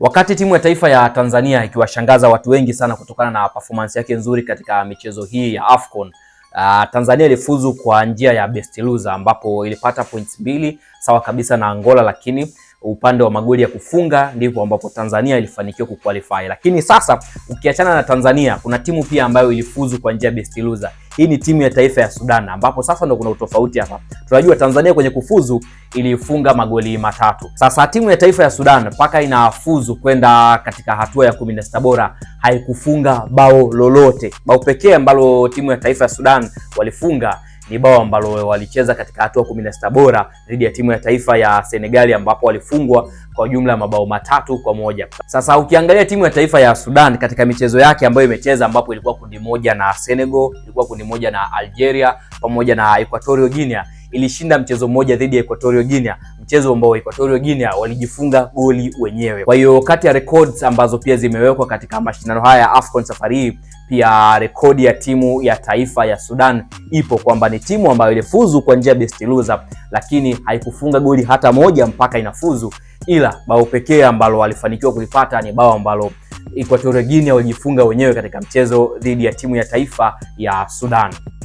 Wakati timu ya taifa ya Tanzania ikiwashangaza watu wengi sana kutokana na performance yake nzuri katika michezo hii ya AFCON, uh, Tanzania ilifuzu kwa njia ya best loser ambapo ilipata points mbili sawa kabisa na Angola, lakini upande wa magoli ya kufunga ndipo ambapo Tanzania ilifanikiwa kuqualify. Lakini sasa ukiachana na Tanzania, kuna timu pia ambayo ilifuzu kwa njia best loser. Hii ni timu ya taifa ya Sudan, ambapo sasa ndo kuna utofauti hapa. Tunajua Tanzania kwenye kufuzu ilifunga magoli matatu. Sasa timu ya taifa ya Sudan mpaka inafuzu kwenda katika hatua ya 16 bora haikufunga bao lolote. Bao pekee ambalo timu ya taifa ya Sudan walifunga ni bao ambalo walicheza katika hatua 16 bora dhidi ya timu ya taifa ya Senegali ambapo walifungwa kwa jumla ya mabao matatu kwa moja. Sasa ukiangalia timu ya taifa ya Sudan katika michezo yake ambayo imecheza, ambapo ilikuwa kundi moja na Senegal, ilikuwa kundi moja na Algeria pamoja na Equatorial Guinea ilishinda mchezo mmoja dhidi ya Equatorial Guinea, mchezo ambao Equatorial Guinea walijifunga goli wenyewe. Kwa hiyo kati ya records ambazo pia zimewekwa katika mashindano haya ya AFCON safari hii, pia rekodi ya timu ya taifa ya Sudan ipo kwamba ni timu ambayo ilifuzu kwa njia best loser, lakini haikufunga goli hata moja mpaka inafuzu, ila bao pekee ambalo walifanikiwa kulipata ni bao ambalo Equatorial Guinea walijifunga wenyewe katika mchezo dhidi ya timu ya taifa ya Sudan.